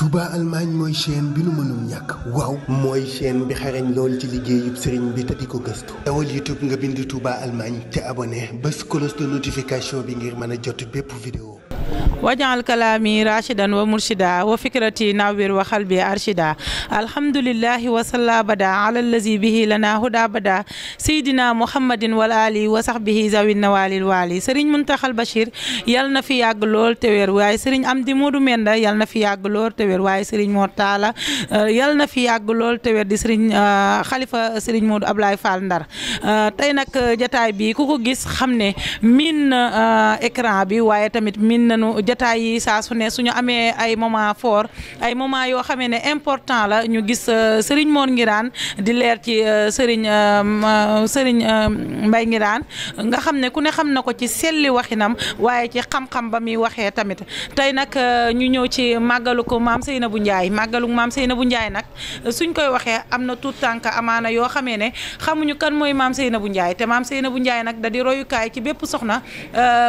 Touba Allemagne mooy chaîne bi nu mënul ñàkk waaw mooy chaîne bi xarañ lool ci liggéeyub sëriñ bi te di ko gëstu dawal YouTube nga bind tubaa Allemagne te abonné bés cloche de notification bi ngir mën a jot bépp vidéo wajaal kalaami rachidan wa murshida wa fikrati nawwir wa xalbi arshida alhamdulillahi wa salla bada ala allazi bihi lana huda bada seydina muhammadin wal ali wa sahbihi zawin nawalil wali sëriñ muntaxal bachir yal na fi yàgg lool te wér waaye sëriñ am di moodu menda yal na fi yàgg lool te waaye sëriñ moo taala eh, yal na fi yàgg lool te di sëriñ eh, xalifa sëriñ moodu ablaay fall ndar eh, tey nag jataay bi ku ko gis xam ne miin na écran bi waaye tamit miin nañu jataay yi su ne suñu amee ay moment for ay moment yoo xamee ne important la ñu gis euh, Serigne Mor Ngiraan di leer ci euh, Serigne euh, mbay Mbaye Ngiraan nga xam ne ku ne xam na ko ci selli waxinam waaye ci xam-xam ba muy waxee tamit tey nag ñu ñëw ci màggalu ko maam Seynabou Ndiaye màggalu maam Seynabou Ndiaye nag suñ koy waxee am na tout tànk amaana yoo xamee ne xamuñu kan mooy maam Seynabou Ndiaye te maam na Seynabou Ndiaye nag da di royukaay ci bépp soxna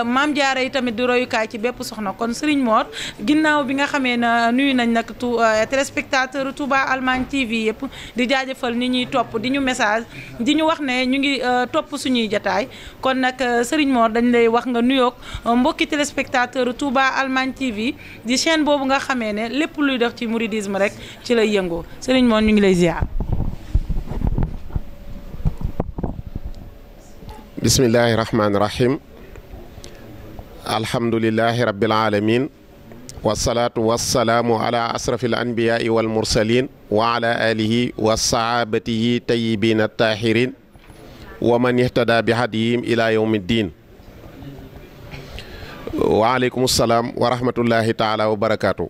maam Jaara yi tamit di ci bépp soxna kon Serigne moor ginnaaw bi nga xamee na uh, nuyu nañ nag tu uh, téléspectateur Touba Allemagne TV yëpp di jaajëfal ni ñuy topp di ñu message di ñu wax ne ñu ngi uh, topp suñuy jataay kon nag Serigne Mor dañ lay wax nga nuyoog mbokki téléspectateur Touba Allemagne TV di chaîne boobu nga xamee ne lépp luy dox ci mouridisme rek ci lay yëngoo Serigne Mor ñu ngi lay ziar. bismillahi rahmaani alhamdulilahi rabbil alamin wasalaatu wasalaamu ala asrafil wa ala alihi wa wa man ihtada bi hadiyim ila yawmi ddin waaleykum salaam wa rahmatullahi taala wa barakaatu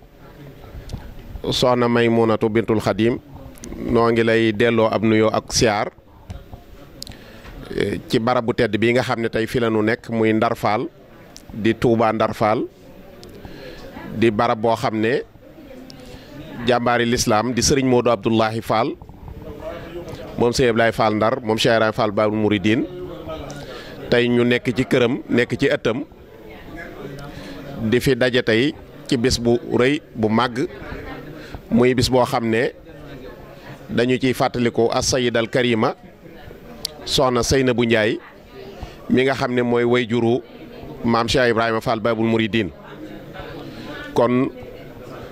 soxna Maymunatu bintul Xadim noo ngi lay delloo ab nuyoo ak siyaar eh, ci barabu tedd bii nga xam ne tey fi la nekk muy Ndar Fall di Touba Ndar di barab boo xam ne jàmbaari lislaam di sëriñ moo Modou Abdoulahi Fall moom sëñ Ablaye Ndar moom Cheikh Ibrahima Fall Babul tey ñu nekk ci këram nekk ci ëttam di fi daje tey ci bis bu rëy bu màgg muy bis boo xam ne dañu ciy fàttaliku as-sayyidal karima soxna Seyna bu Njaay mi nga xam ne mooy way juru maam Cheikh Ibrahima Fall Babul Mouridine kon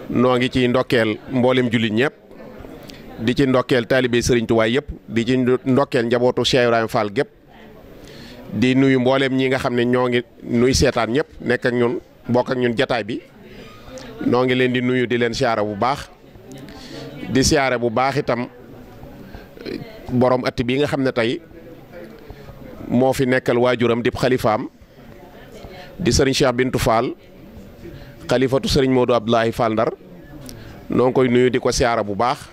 noo ngi ci ndokkeel mboolem jullit ñëpp di ci ndokkeel taalibe Serigne Touba yëpp di ci ndokkeel njabootu Cheikh Ibrahima Fall gépp di nuyu mbooleem ñi nga xam ne ñoo ngi nuy seetaan ñëpp nekk ak ñun bokk ñun jataay bi noo ngi leen di nuyu di leen siyaare bu baax di siyaare bu baax itam boroom at bi nga xam ne tey moo fi nekkal waajuram di xalifaam di sëriñ Cheikh Bintu Fall xalifatu sëriñ Modou Abdoulaye Fall Ndar noo koy nuyu di ko siyaara bu baax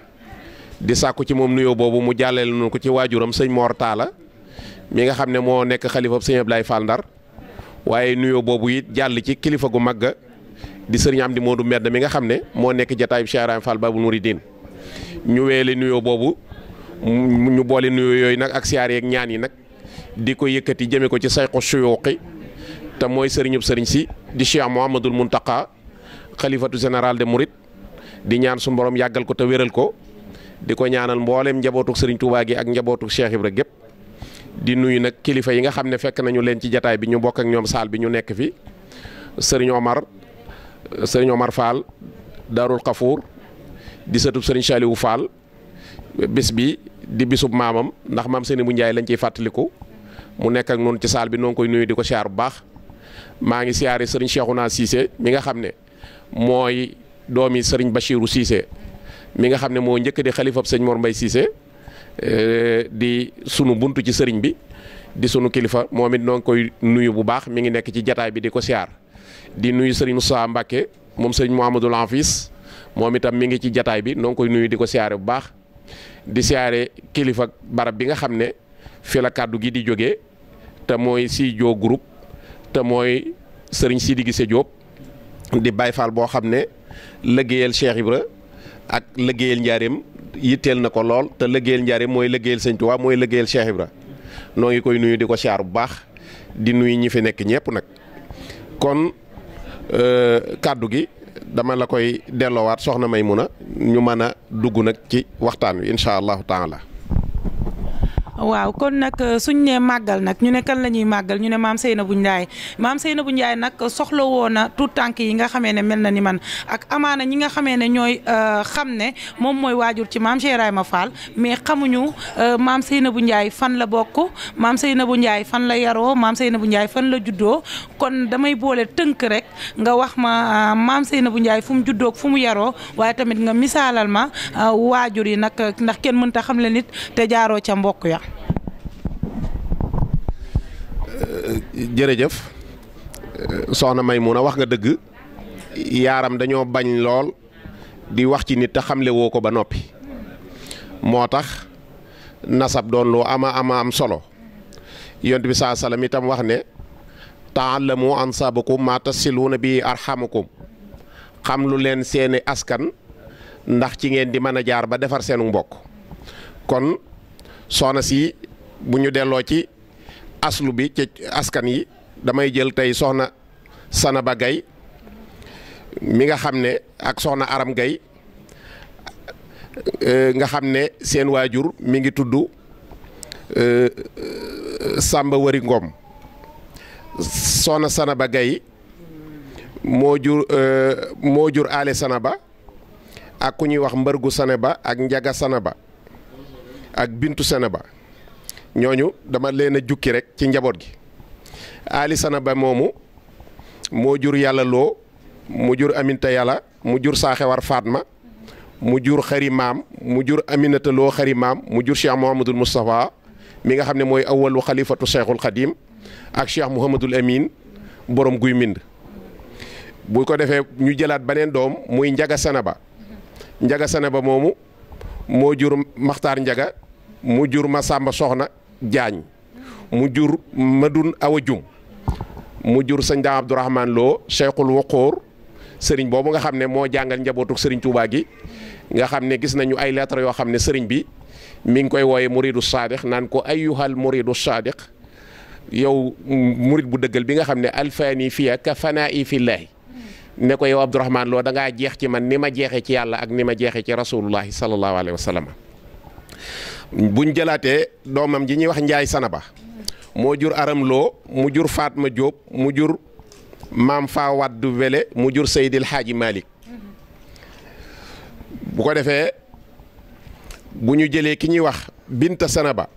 di sàkku ci moom nuyoo boobu mu jàllale nu ko ci waajuram sëñ moor Talla mi nga xam ne moo nekk xalifab sëñ Abdoulaye Fall Ndar waaye nuyoo boobu it jàll ci kilifa gu màgg di sëriñ Amdi Modou Mbedd mi nga xam ne moo nekk jataayub Cheikh Ibrahima Fall Babou Mouridine ñu weele nuyoo boobu ñu boole nuyoo yooyu nag ak siyaar yeeg ñaan yi nag di ko yëkkati jëme ko ci sayqu suyuuqi te mooy sëriñub sëriñ si di Cheikh Mouhamadul Mountakha xalifatu général de murit di ñaan suñu borom yàggal ko te wéral ko di ko ñaanal mbooleem njabootuk sëriñ Touba gi ak njabootuk Cheikh Ibra gépp di nuyu nag kilifa yi nga xam ne fekk nañu leen ci jataay bi ñu bokk ak ñoom saal bi ñu nekk fi sëriñ Omar sëriñ Omar Fall Darul Kafour di sëtub sëriñ Saliou Fall bis bi di bisub maamam ndax maam seeni bu Njaay lañ ciy fàttaliku mu nekk ak noonu ci saal bi noo ngi koy nuyu di ko siyaar bu baax maa ngi siyaare sëriñ Cheikhouna Cissé mi nga xam ne mooy doomi sëriñ Bachirou Cissé mi nga xam ne moo njëkk di xalifab sëñ Mor Mbaye Cissé eh, di sunu buntu ci sëriñ bi di sunu kilifa moom it noo koy nuyu bu baax mi ngi nekk ci jataay bi di ko siyaar di nuyu sëriñ Moussa Mbacke moom sëriñ Mouhamadou Lanfis moom itam mi ngi ci jataay bi noo ngi koy nuyu di ko siyaare bu baax di siyaare kilifa barab bi nga xam ne fila kàddu gi di jógee te mooy Sidio groupe. te mooy sëriñ di Gissé Diop di Baye Fall boo xam ne liggéeyal Cheikh Ibra ak liggéeyal njaareem yitteel na ko lool te liggéeyal njaareem mooy liggéeyal Sëñ waa mooy liggéeyal Cheikh Ibra noo ngi koy nuyu di ko siyaar bu baax di nuyu ñi fi nekk ñëpp nag kon euh, kàddu gi dama la koy delloowaat soxna may mun a ñu mën a dugg nag ci waxtaan wi incha allahu taala waaw kon nag euh, suñ ne màggal nag ñu ne kan la ñuy màggal ñu ne maam Seynabou Ndiaye maam Seynabou Ndiaye nag soxla woon na tout tànk yi nga xamee ne mel na ni man ak amaana ñi nga xamee ne ñooy euh, xam ne moom mooy waajur ci maam Cheikh Ibrahima Fall mais xamuñu euh, maam Seynabou Ndiaye fan la bokk maam Seynabou Ndiaye fan la yaroo maam Seynabou Ndiaye fan la juddoo kon damay boole tënk rek nga wax ma maam Seynabou Ndiaye fu mu juddoo fu mu yaroo waaye tamit nga misaalal ma waajur yi nag ndax kenn mënta xam le nit te jaaroo ca mbokk ya jërëjëf soxna Maymuna wax nga dëgg yaaram dañoo bañ lool di wax ci nit te xamle woo ko ba noppi moo tax nasab doon lu ama ama am solo yont bi saa salaam itam wax ne tas taallamu ansaabakum maa tasiluuna bi arxamakum xam lu leen seeni askan ndax ci ngeen di mën a jaar ba defar seenu mbokk kon soxna si bu ñu delloo ci aslu bi ci askan yi damay jël tey soxna Sanaba Gaye mi nga xam ne ak soxna Aram Gaye euh, nga xam ne seen waajur mi ngi tudd euh, Samba Wari ngoom soxna Sanaba Gaye moo jur euh, moo jur aale Sanaba ak ku ñuy wax mbërgu Sanaba ak njaga Sanaba ak bintu Sanaba ñooñu dama leen a jukki rek ci njaboot gi Ali Sanaba moomu moo jur yàlla loo mu jur aminta yàlla mu jur faat ma mu jur xari maam mu jur aminata loo xari maam mu jur cheikh Mouhamadul Moustapha mi nga xam ne mooy awalu xalifatu cheikhul xadim ak cheikh Mouhamadul Amin boroom guy mind bu ko defee ñu jëlaat beneen doom muy Njaga Sanaba Njaga Sanaba moomu moo jur Maxtaar Njaga mu jur ma sàmba Soxna Jaañ mu jur Madoun Awa Jum mu jur sëñ Daam Abdourahman Lo Cheikhul sëriñ boobu nga xam ne moo jàngal njabootuk sëriñ Touba gi nga xam ne gis nañu ay lettre yoo xam ne sëriñ bi mi ngi koy wooyee muridu saadiq naan ko ayyuhal muridu saadiq yow murid bu dëggal bi nga xam ne alfaani fiya ka fanaa'i fillaahi ne ko yow Abdourahman Lo da ngaa jeex ci man ni ma jeexee ci yàlla ak ni ma jeexee ci rasulullahi sallallahu alayhi wa sallam buñ jëlaatee doomam ji ñuy wax Njaay Sanaba moo jur aramloo mu jur faat ma Diop mu jur maam Faa Waddu Wele mu jur Seydil Xaaji Malick bu ko defee bu ñu jëlee ki ñuy wax Binta Sanaba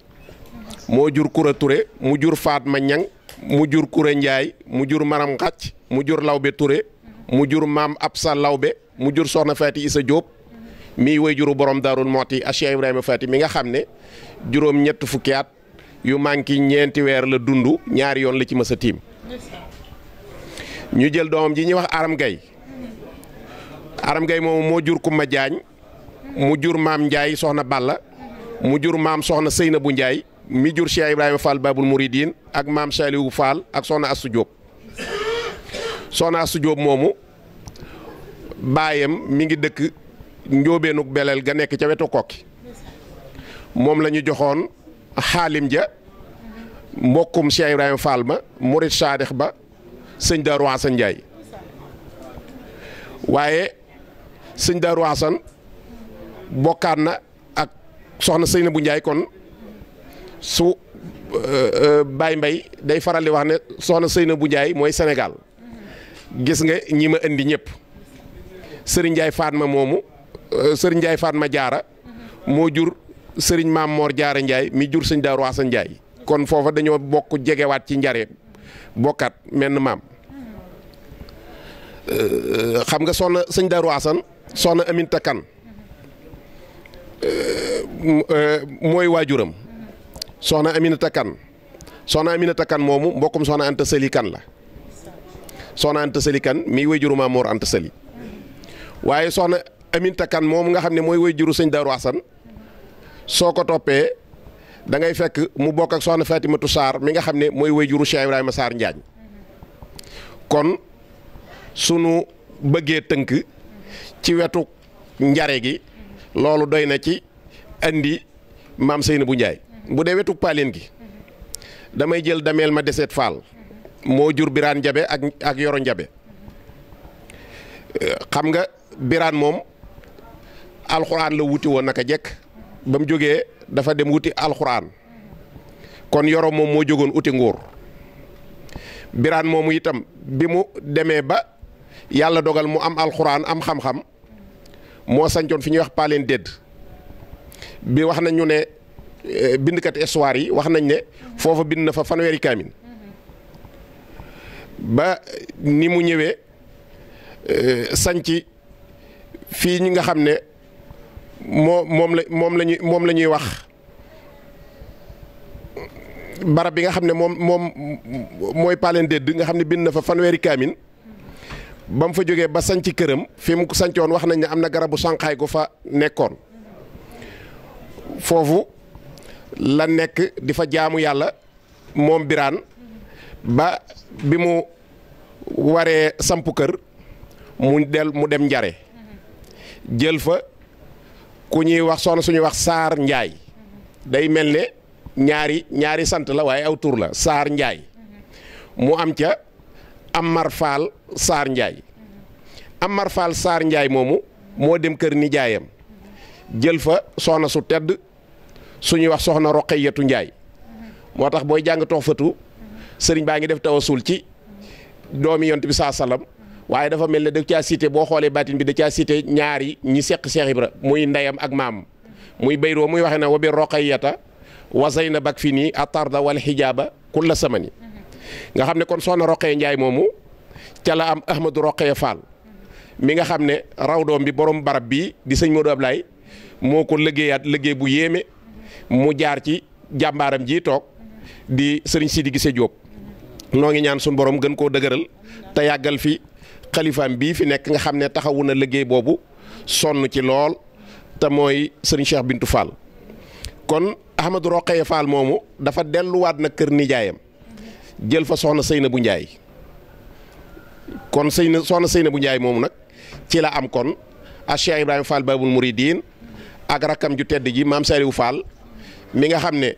moo jur Kura Touré mu jur faat ma Ñang mu jur Kura Njaay mu jur Maram Xacc mu jur Lawbe ture mu jur maam Absa Lawbe mu jur Soxna Faati Isa jóob mii way juru borom daarul mooti a Cheikh Ibrahima Fati mi nga xam ne juróom ñett fukki at yu manki ñeenti weer la dund ñaari yoon la ci mës a tiim ñu jël doomam ji ñu wax Aram Gay Aram Gay moomu moo jur Kumba Jaañ mu jur maam Njaay soxna Balla mu jur maam soxna Seyna bu Njaay mi jur Cheikh Ibrahima Fall Babul Mouridine ak maam Saliou Fall ak soxna Astou Diop soxna Astou Diop moomu baayam mi ngi dëkk njóobeenuk beleel ga nekk ca wetu kokki moom la ñu joxoon xaalim ja mbokkum Cheikh Ibrahima Fall ma murit saadix ba sëñ Daaru Njaay waaye sëñ Daaru bokkaat na ak soxna sëñ bu Njaay kon su euh, euh, Baye Mbay day faral di wax ne soxna sëñ bu Njaay mooy senegal gis nga ñi ma indi ñëpp sëriñ Njaay Fatma moomu Euh, sëriñ Ndiaye ma Diarra moo jur sëriñ maam moor Diarra Ndiaye mi jur sëñ Daaru Asan Ndiaye kon foofa dañoo bokk waat ci njaree bokkaat menn maam euh, xam nga soxna sëñ soxna Aminta Kan euh, mooy waajuram soxna Aminata Kan soxna Aminata Kan moomu mbokkum soxna Anta Sëli Kan la soxna Anta Sëli Kan mi waajuru Maam Moor Anta Sëli waaye soxna Aminta Kan moom nga xam ne mooy woy juru sëñ dara Asan soo ko toppee dangay fekk mu bokk ak soxna Fatimatu saar mi nga xam ne mooy woy juru Cheikh Ibrahima Sarr Njaañ kon sunu bëggee tënk ci wetu njare gi loolu doy na ci andi maam Seyna bu Njaay bu dee wetu paaleen gi damay jël dameel ma deseet faal moo jur biraan jabe ak ak yoro njabe xam nga biraan moom alxuraan la wuti woon naka jekk ba mu jógee dafa dem wuti alxuraan kon yoro moom moo jógoon uti nguur biraan moomu itam bi mu demee ba yàlla dogal mu am alxuraan am xam-xam moo sancoon fi ñuy wax paaleen dédd bi wax nañu ne eh, bindkat histoire yi wax nañ ne foofa bind na fa fanweeri kaamin ba ni mu ñëwee eh, sanci fii ñi nga xam ne moo moom la moom la moom la ñuy wax barab bi nga xam ne moom moom mooy Palen Dëdd nga xam ne bind na fa fanweeri kaamin ba mu fa jógee ba sanc këram fi mu sancoon wax nañ ne am na garabu sànqaay gu fa nekkoon foofu la nekk di fa jaamu yàlla moom biraan ba bi mu waree samp kër mu del mu dem njare jël fa ku ñuy wax soxna suñuy wax Saar Njaay day mel ne ñaari ñaari sant la waaye aw tur la Saar Njaay mu am ca Amar Fall Saar Njaay Amar Fall Saar Njaay moomu moo dem kër nijaayam jël fa soxna su tedd suñuy wax soxna Roqayatu Njaay moo tax booy jàng toxfatu sëriñ baa ngi def suul ci doomi yont bi saa salam waaye dafa mel ne da caa cité boo xoolee baatin bi da caa cité ñaari ñi seq Cheikh Ibra muy ndeyam ak maam muy bayroo muy waxe ne wa bi roqayata wa say na bak fi nii atarda wal xijaaba kulla samani nga xam ne kon soxna roqee njaay moomu ca la am ahmadou mi nga xam ne raw bi borom barab bii di sëñ Modou Ablaye moo ko liggéeyaat liggéey bu yéeme mu jaar ci jàmbaaram ji toog di sëriñ Sidi Gise Jóob noo ngi ñaan suñu borom gën koo dëgëral te yàggal fi xalifaam bii fi nekk nga xam ne taxawu na liggéey boobu sonn ci lool te mooy sëriñ Cheikh Bintou Fall kon Ahmadou Rokhaya Fall moomu dafa delluwaat na kër nijaayam jël fa soxna Seynabou Ndiaye kon Seyna soxna Seynabou Ndiaye moomu nag ci la am kon a Cheikh Ibrahima Fall Babul Mouridine ak rakkam ju tedd ji maam Saliou Fall mi nga xam ne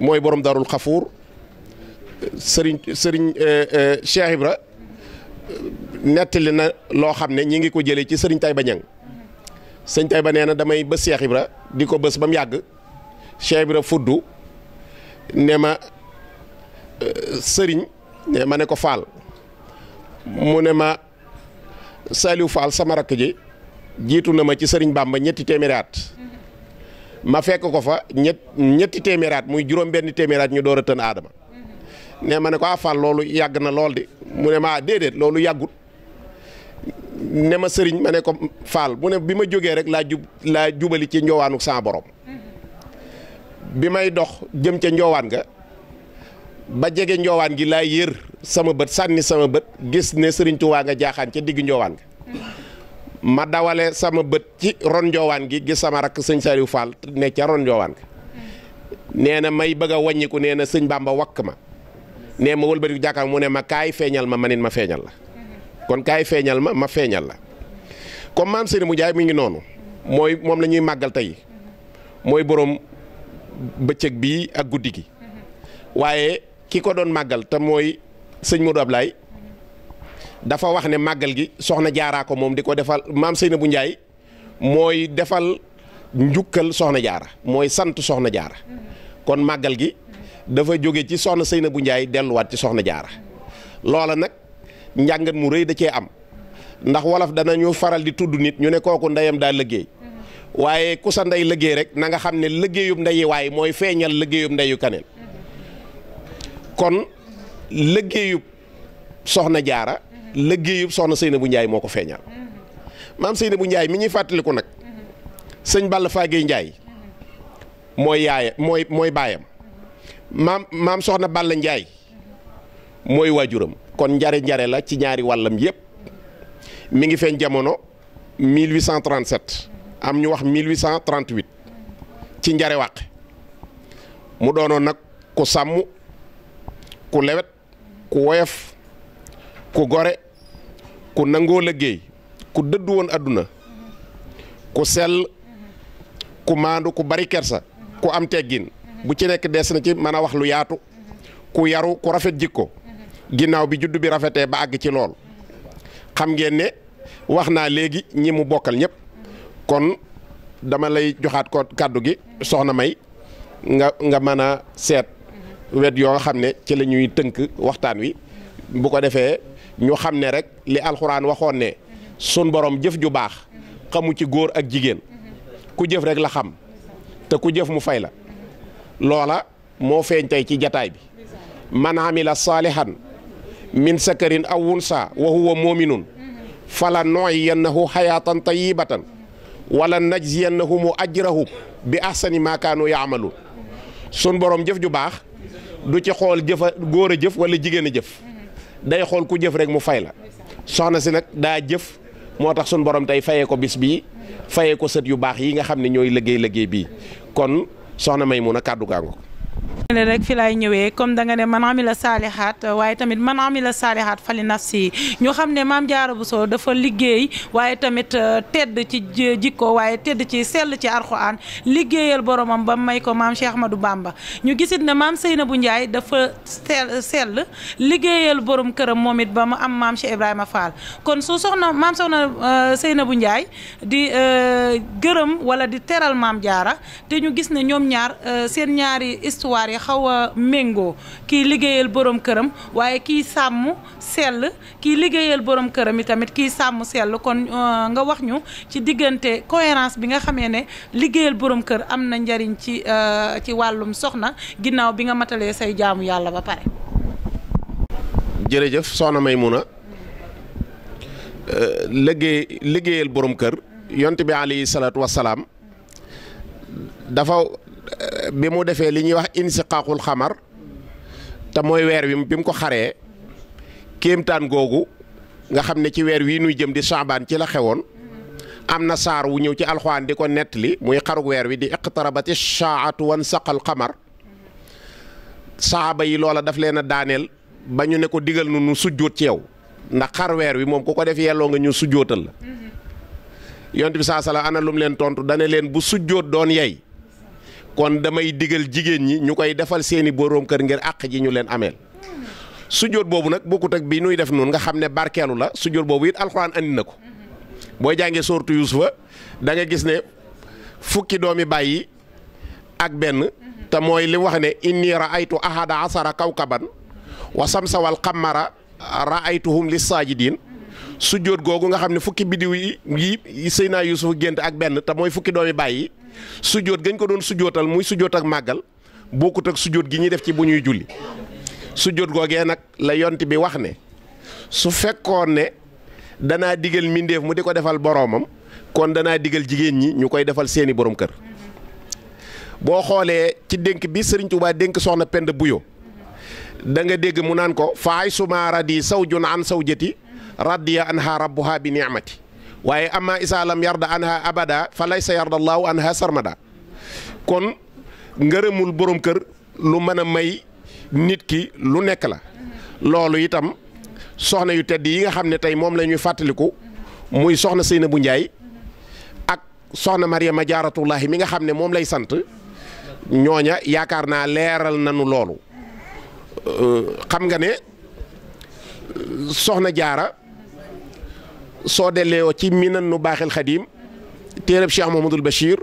mooy borom darul xafuur sëriñ sëriñ Cheikh Ibra nettali na loo xam ne ñi ngi ko jëlee ci sëriñ ba Ñang sëriñ Tayba nee na damay bës Cheikh Ibra di ko bës ba mu yàgg Cheikh Ibra fuddu ne ma euh, sëriñ ne ma ne ko Faal mu ne ma Saliou Faal sama rakk ji jiitu na ma ci sëriñ Bàmba ñetti téeméeri at ma fekk ko fa ñett ñetti téeméeri muy juróom benn téeméeri ñu door a tën aadama ne ma ne ko ah Fall loolu yàgg na lool de mu ne ma ah, déedéet loolu yàggut ne ma sëriñ ma ne ko Fall mu ne bi ma jógee rek laa jub laa jubali ci njowaanu saa borom bi may dox jëm ca njowaan ga ba jege njowaan gi laa yér sama bët sànni sama bët gis ne sëriñ Tuubaa nga jaaxaan ca diggu njowaan ga ma dawale sama bët ci ron njowaan gi gis sama rakk sëñ Saliou Fall ne ca ron njowaan ga nee na may bëgg a nee na sëñ Bamba wakk ma nee ma wëlbati jàkkaar mu ne ma kaay feeñal ma manit ma feeñal la kon kaay feeñal ma ma feeñal la comme maam Serigne mu jaay mi ngi noonu mooy moom la ñuy màggal tey mooy boroom bëccëg bii ak guddi gi waaye ki ko doon màggal te mooy sëñ Modou dafa wax ne màggal gi soxna jaaraa ko moom di ko defal maam Seynabou Ndiaye mooy defal njukkal soxna jaara mooy sant soxna jaara kon màggal gi dafa jóge ci soxna Seynabou Ndiaye delluwaat ci soxna jaara loola nag njàngat mu rëy da cee am ndax wolof dana danañu faral di tudd nit ñu ne kooku ndeyam daa liggéey waaye ku sa ndey liggéey rek na nga xam ne liggéeyub ndeyi waaye mooy feeñal liggéeyub ndeyu kaneen kon liggéeyub soxna jaara liggéeyub soxna bu njaay moo ko feeñal maam bu njaay mi ñuy fàttaliku nag sëñ Balla Fagé Ndiaye mooy yaaya mooy mooy baayam maam maam soxna Balla Njaay mooy waajuram kon njare njare la ci ñaari wàllam yépp mi ngi feeñ jamono 1837 am ñu wax 1838 ci njare wàq mu doonoon nag ku sàmm ku lewet ku woyof ku gore ku nangoo liggéey ku dëddu woon àdduna ku sell ku maandu ku bari kersa ku am teggin bu ci nekk des na ci mën a wax lu yaatu ku yaru ku rafet jikko ginnaaw bi juddu bi rafetee ba àgg ci lool xam ngeen ne wax naa léegi ñi mu bokkal ñëpp kon dama lay joxaat ko kàddu gi soxna May nga nga mën a seet wet yoo xam ne ci la ñuy tënk waxtaan wi bu ko defee ñu xam ne rek li alxuraan waxoon ne sun borom jëf ju baax xamu ci góor ak jigéen ku jëf rek la xam te ku jëf mu fay la. loola moo feeñ tey ci jataay bi man la saalihan min sakarin aw unsa wa huwa muminun fala nuhyiyannahu hayatan tayyibatan wala najziyannahum ajrahum bi ahsani ma kaanu yaamaluun sun borom jëf ju baax du ci xool jëfa góor a jëf wala jigéen a jëf day xool ku jëf rek mu fay la soxna si nag daa jëf moo tax sun borom tey fayee ko bis bii fayee ko sët yu baax yi nga xam ne ñooy liggéey liggéey bii soxna Maymuna kàddu gaango rek fi laay ñëwee comme danga nga ne man amila saalihaat waaye tamit man amila saalihaat fali nafsi ñoo xam ne maam Jaara Buso dafa liggéey waaye tamit euh, tedd ci jikko waaye tedd ci sell ci Alxuraan liggéeyal boromam ba may ko maam Cheikh Ahmadou ba ñu gisit ne maam bu Ndiaye dafa sell sell liggéeyal borom këram moom it ba mu am maam Cheikh Ibrahima Fall kon su soxna maam soxna euh, bu Ndiaye di euh, gërëm wala di teral maam Jaara te ñu gis ne ñoom ñaar seen ñaari histoire terroir yi xaw a méngoo kii liggéeyal boroom këram waaye kii sàmm sell kii liggéeyal borom këram yi tamit kii sàmm sell kon euh, nga wax ñu ci diggante cohérence bi nga xamee ne liggéeyal boroom kër am na njariñ ci euh, ci wàllum soxna ginnaaw bi nga matalee say jaamu yàlla ba pare. jërëjëf soxna Maymuna euh, liggéey liggéeyal boroom kër yont bi alayhi salaatu wasalaam dafa bi mu defee li ñuy wax insiqaaqul xamar te mooy weer wi bi mu ko xaree kéemtaan googu nga xam ne ci weer wii nuy jëm di saabaan ci la xewoon am na saar wu ñëw ci alxuwaan di ko nettali muy xarug weer wi di iqtarabati saatu wan saqal saaba yi loola daf leen daaneel ba ñu ne ko digal nu nu sujjóot ci yow ndax xar weer wi moom ku ko def yelloo nga ñu sujjóotal la mm-hmm. yonent bi saa sala ana lum leen tontu dane leen bu sujjóot doon yey kon damay digal jigéen ñi ñu koy defal seeni boroom kër ngir àq ji ñu leen ameel sujjóot boobu nag bokkut ak bi nuy def noonu nga xam ne barkeelu la sujjóot boobu it alxuraan andi na ko booy jàngee soortu yuusufa da nga gis ne fukki doomi bàyyi ak benn te mooy li wax ne inni raaytu ahada asara kawkaban wa samsa wal xamara raaytuhum li saajidin sujjóot googu nga xam ne fukki biddiw yi yi sëy naa yuusufa gént ak benn te mooy fukki doomi bàyyi sujjóot gañ ko doon sujjóotal muy sujjóot ak màggal bokkut ak sujjóot gi ñuy def ci bu ñuy julli sujjóot googee nag la yont bi wax ne su fekkoon ne danaa digal mbindéef mu di ko defal boroomam kon danaa digal jigéen ñi ñu koy defal seeni borom kër boo xoolee ci dénk bi Sëriñ Tuubaa dénk soxna pend Buyo da nga dégg mu naan ko faay suma radi sawjun an sawjati radiya anha rabbuha bi ni'mati waaye amma isa lam yarda anha abada fa laysa yarda allahu anha sarmada kon ngërëmul borom kër lu mën a may nit ki lu nekk la loolu itam soxna yu tedd yi nga xam ne tey moom la ñuy fàttaliku muy soxna Seynabou njaay ak soxna Mariama Jaaratullaahi mi nga xam ne moom lay sant ñooña yaakaar naa leeral nañu loolu xam nga ne soxna jaara soo delleewoo ci minan nu baaxil xadiim téereb Cheikh Mouhamadoul Bachir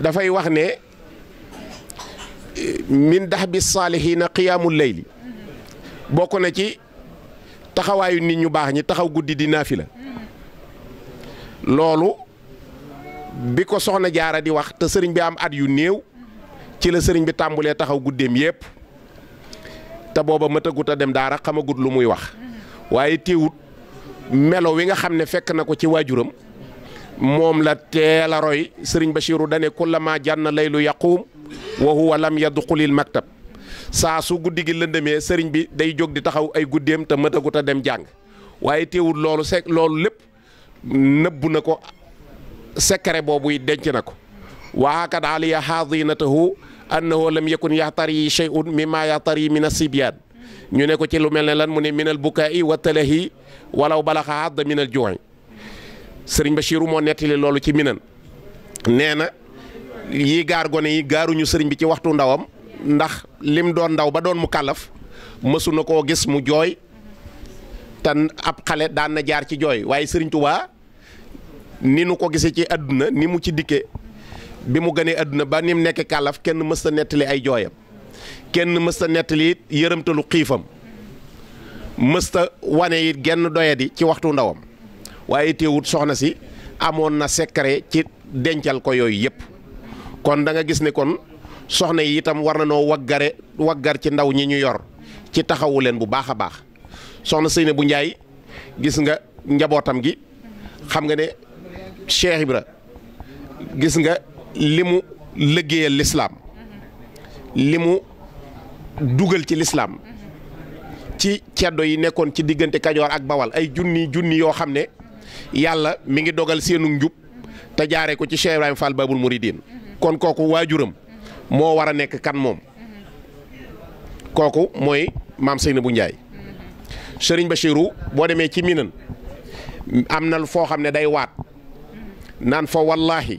dafay wax ne min dax bi saalihiina qiyaamul layli bokk na ci taxawaayu nit ñu baax ñi taxaw guddi di naafila loolu bi ko soxna jaara di wax te sëriñ bi am at yu néew ci la sëriñ bi tàmbulee taxaw guddeem yépp te booba mëtagut a dem daara xamagut lu muy wax waaye téewut melo wi nga xam ne fekk na ko ci waajuram moom la teel a roy sëriñ Bachiru dane kullama jànn laylu yaquum wa huwa lam yadxulil maktab saa su guddi gi lëndëmee sëriñ bi day jóg di taxaw ay guddeem te mëtagut a dem jàng waaye teewul loolu sek loolu lépp nëbbu na ko secret boobu denc na ko waxaakat aliya xaadinatahu annahu lam yakun yaxtari shay'un mimma yaxtari min asibyan ñu ne ko ci lu mel ne lan mu ne minal bukaa i wa talahi walaw balaxa hadda minal juu'i sëriñ Bachiru moo nettali loolu ci minan nee na yii gaar gone yi gaaruñu sëriñ bi ci waxtu ndawam ndax lim doon ndaw ba doon mu kàllaf mësu na koo gis mu jooy te ab xale daan na jaar ci jooy waaye sëriñ Tuubaa ni nu ko gisee ci àdduna ni mu ci dikke bi mu gënee àdduna ba ni mu nekk kàllaf kenn mës ta nettali ay jooyam kenn mës ta nettali yërëmtalu xiifam mësta wane it genn doyadi ci waxtu ndawam waaye teewut soxna si amoon na secret ci dencal ko yooyu yëpp kon danga gis ne kon soxna yi itam war na noo waggare waggar ci ndaw ñi ñu yor ci taxawu leen bu baax a baax soxna Seyna bu Njaay gis nga njabootam gi xam nga ne Cheikh Ibra gis nga li mu liggéeyal lislaam li mu dugal ci lislaam ci ceddo yi nekkoon ci diggante Kajoor ak Bawal ay junni junni yoo xam ne yàlla mi ngi dogal seenu njub te jaaree ko ci Cheikh Ibrahima Fall Babul Mouridine kon kooku waajuram moo war a nekk kan moom kooku mooy maam njaay sëriñ Serigne Bachirou boo demee ci Minan am na foo xam ne day waat naan fa wallaahi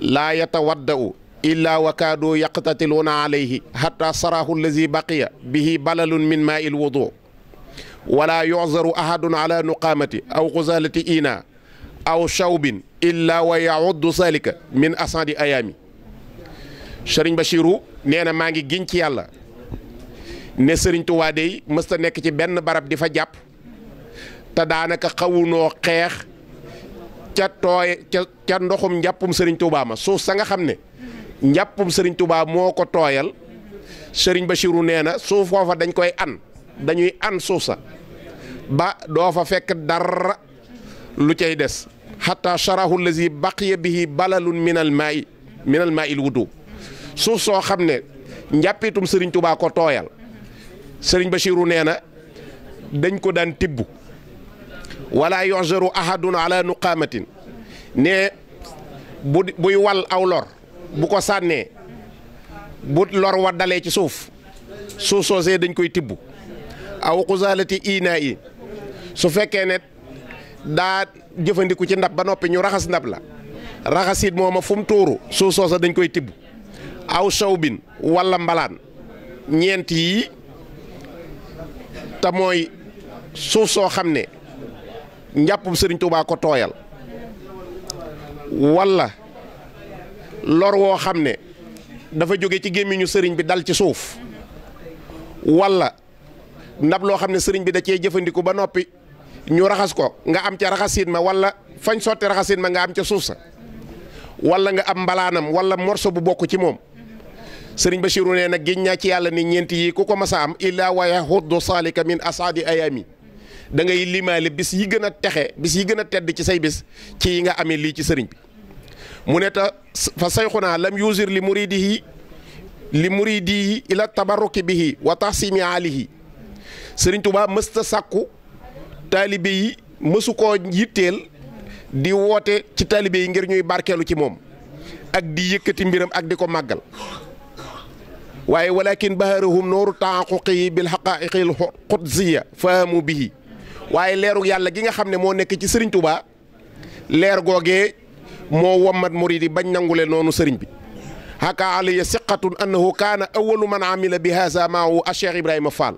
laa yatawaddau illaa wa kaaduu yaqtatiluuna alayhi hatta saraahu allazi baqiya bihi balalun min maa il wudu wala yuzaru ahadun ala nuqaamati aw xuzaalati ina aw shawbin illaa wa yauddu salika min asandi ayaami sëriñ Bachiru nee na maa ngi giñ ci yàlla ne sëriñ Tuubaa dey mësta nekk ci benn barab di fa jàpp te daanaka xawunoo xeex ca tooy ca ca ndoxum njàppum sëriñ Tuubaa ma suuf sa nga xam ne njàppum sëriñ Touba moo ko tooyal sëriñ Bachirou nee na suuf dañ koy an dañuy an suuf sa ba doo fa fekk dara lu cay des xataa sharahu lazi baqiya bihi balalun minal maa'i minal maa'il wudu suuf soo xam ne njàppitum sëriñ Touba ko tooyal sëriñ Bachirou nee na dañ ko daan tibb wala yujaru ahadun ala nuqamatin ne bu buy wal aw lor bu ko sànnee bu lor wa dalee ci suuf suuf soosee dañ koy tibb aw xusaalati iinaa yi su fekkee ne daa jëfandiku ci ndab ba noppi ñu raxas ndab la raxasit mooma fu mu tuuru suuf soosa dañ koy tibb aw sawbin walla mbalaan ñeent yi te mooy suuf soo xam ne njàppum sëriñ Tuubaa ko tooyal walla lor woo xam ne dafa jóge ci gémmiñu sëriñ bi dal ci suuf walla ndab loo xam ne sëriñ bi da cee jëfandiku ba noppi ñu raxas ko nga am ca raxasin ma walla fañ sotti raxasin ma nga am ca suuf sa walla nga am mbalaanam walla morso bu bokk ci moom sëriñ Bachirou nee na géñ naa ci yàlla ni ñeenti yi ku ko ma masa am illaa waya xuddu saalika min asaadi ayami da ngay limaale bis yi gën a texe bis yi gën a tedd ci say bis ci yi nga amee lii ci sëriñ bi mu ne ta fa naa lam yusir li muridihi li muridihi ila tabaruki bihi wa tahsimi alihi sëriñ Tuubaa mësta sàkku taalibe yi mësu koo yitteel di woote ci taalibe yi ngir ñuy barkeelu ci moom ak di yëkkati mbiram ak di ko màggal waaye walakin baharahum nooru taaquqi bil xaqaiqil qudsiya fahamu bihi waaye leeru yàlla gi nga xam ne moo nekk ci sëriñ Tuubaa leer googee moo wammat murid yi bañ nangule noonu sëriñ bi haka alayya siqatun annahu kaana awalu man amila bi haza maahu a Cheikh Ibrahima Fall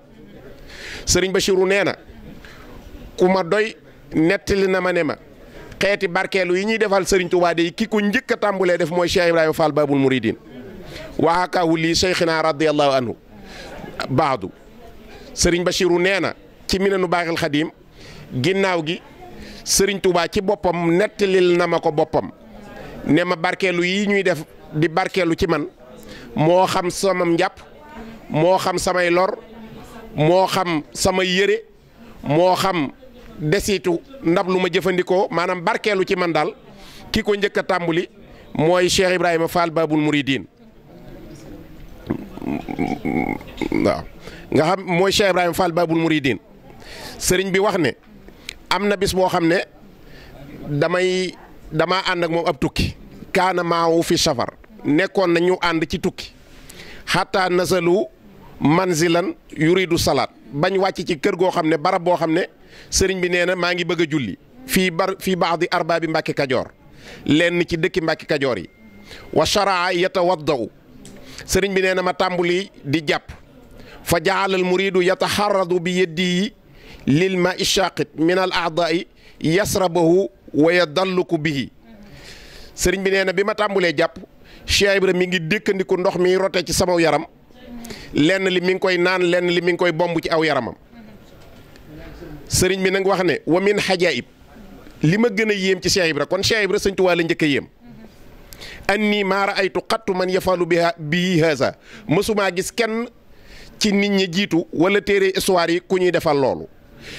sëriñ Bachiru nee na ku ma doy nettali na ma ne ma xeeti barkeelu yi ñuy defal sëriñ tubaa de ki ko njëkk a def mooy Cheikh Ibrahima Fall babul muridin wa hakaahu lii Cheikhina radiyallahu anhu baadu sëriñ Bachiru nee neena ci minanu baaxil xadiim ginnaaw gi sëriñ tubaa ci boppam nettalil na ma ko boppam ne ma barkeelu yi ñuy def di barkeelu ci man moo xam samam njàpp moo xam samay lor moo xam samay yére moo xam desitu ndab lu ma jëfandikoo maanaam barkeelu ci man daal ki ko njëkk a tàmbali mooy Cheikh ibraahima Fall Babul Mouridine waaw nga xam mooy Cheikh Ibrahima Fall Babul sëriñ bi wax ne am na bis boo xam ne damay. dama ànd ak moom ab tukki kaana maawu fi safar nekkoon nañu ànd ci tukki xataa nasalu manzilan yuridu salaat bañ wàcc ci kër goo xam ne barab boo xam ne sëriñ bi nee na maa ngi bëgg a julli fii bar fii baax di arbaabi kajoor lenn ci dëkki mbàkki kajoor yi wa sharaa yatawaddau sëriñ bi nee na ma tàmbuli di jàpp fa jaalal muridu yataxarradu bi yeddi yi lil ma ishaqit min al aadaai yasrabahu waya dalluku bihi sëriñ bi nee na bi ma tàmbulee jàpp Cheikh Ibrahima mi ngi dékkandiku ndox mi rote ci sama yaram lenn li mi ngi koy naan lenn li mi ngi koy bomb ci aw yaramam sëriñ bi nag wax ne wa min xajaayib li ma gën a yéem ci Cheikh Ibra kon Cheikh Ibra sëñ Tuubaa la njëkk a yéem anni maa raaytu xattu man yafalu bi bii haasa mësumaa gis kenn ci nit ñi jiitu wala téere histoire yi ku ñuy defal loolu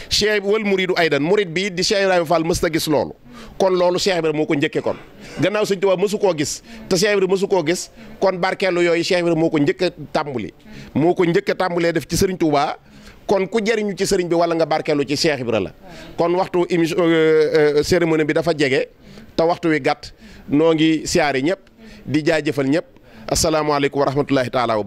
cheikh wal muridu aydan murid bi di cheikh Ibrahima Fall mës ta gis loolu kon loolu cheikh Ibrahima moo ko njëkkee kon gannaaw sëñ Tuubaa mësu koo gis te cheikh Ibrahima mësu koo gis kon barkeelu yooyu cheikh Ibrahima moo ko njëkk a tàmbali moo ko njëkk a tàmbalee def ci sëriñ Tuubaa kon ku jëriñu ci sëriñ bi wala nga barkeelu ci cheikh Ibrahima la kon waxtu émission euh, euh, euh, cérémonie bi dafa jege te waxtu wi gàtt noo ngi siyaare ñëpp di jaajëfal ñëpp asalaamaaleykum wa rahmatullahi taala wa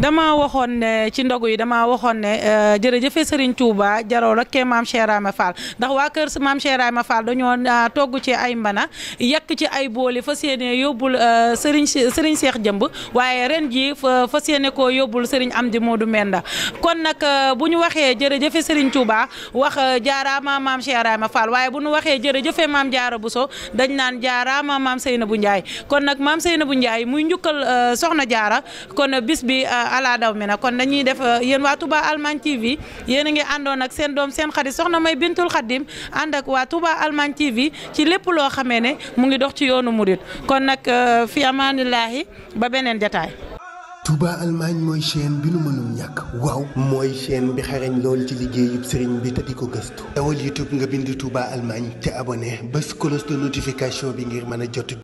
dama waxoon ne ci ndogu yi dama waxoon ne euh, jërëjëfe Serigne Touba jaroo la kee maam Cheikh Rahma Fall ndax waa kër maam Cheikh Rahma Fall euh, togg ci ay mbana yàq ci ay boole fas yéene yóbbul euh, Serigne Serigne Cheikh jëmb waaye ren ji fas yéene koo yóbbul Serigne Amdi Modou Menda kon nag bu ñu waxee jërëjëfe Serigne Touba wax jaaraama maam Cheikh waaye bu ñu waxee jërëjëfe maam Jaara Buso dañ naan jaaraama maam Seynabou Ndiaye kon nag maam Seynabou Ndiaye muy njukkal soxna Jaara kon bis bi ala daw mi na kon dañuy def euh, yéen waa Touba Allemagne TV yéen a ngi àndoon ak seen doom seen xarit soxna May Bintul Xadim ànd ak waa tubaa Allemagne TV ci lépp loo xamee ne mu ngi dox ci yoonu murit kon nag euh, fi amaanillaahi ba beneen jataay Touba Allemagne mooy chaîne bi nu mënul ñàkk waaw mooy chaîne bi xarañ lool ci liggéeyub sëriñ bi te di ko gëstu dawal YouTube nga bind tubaa Allemagne te abonné bés cloche de notification bi ngir mën a jot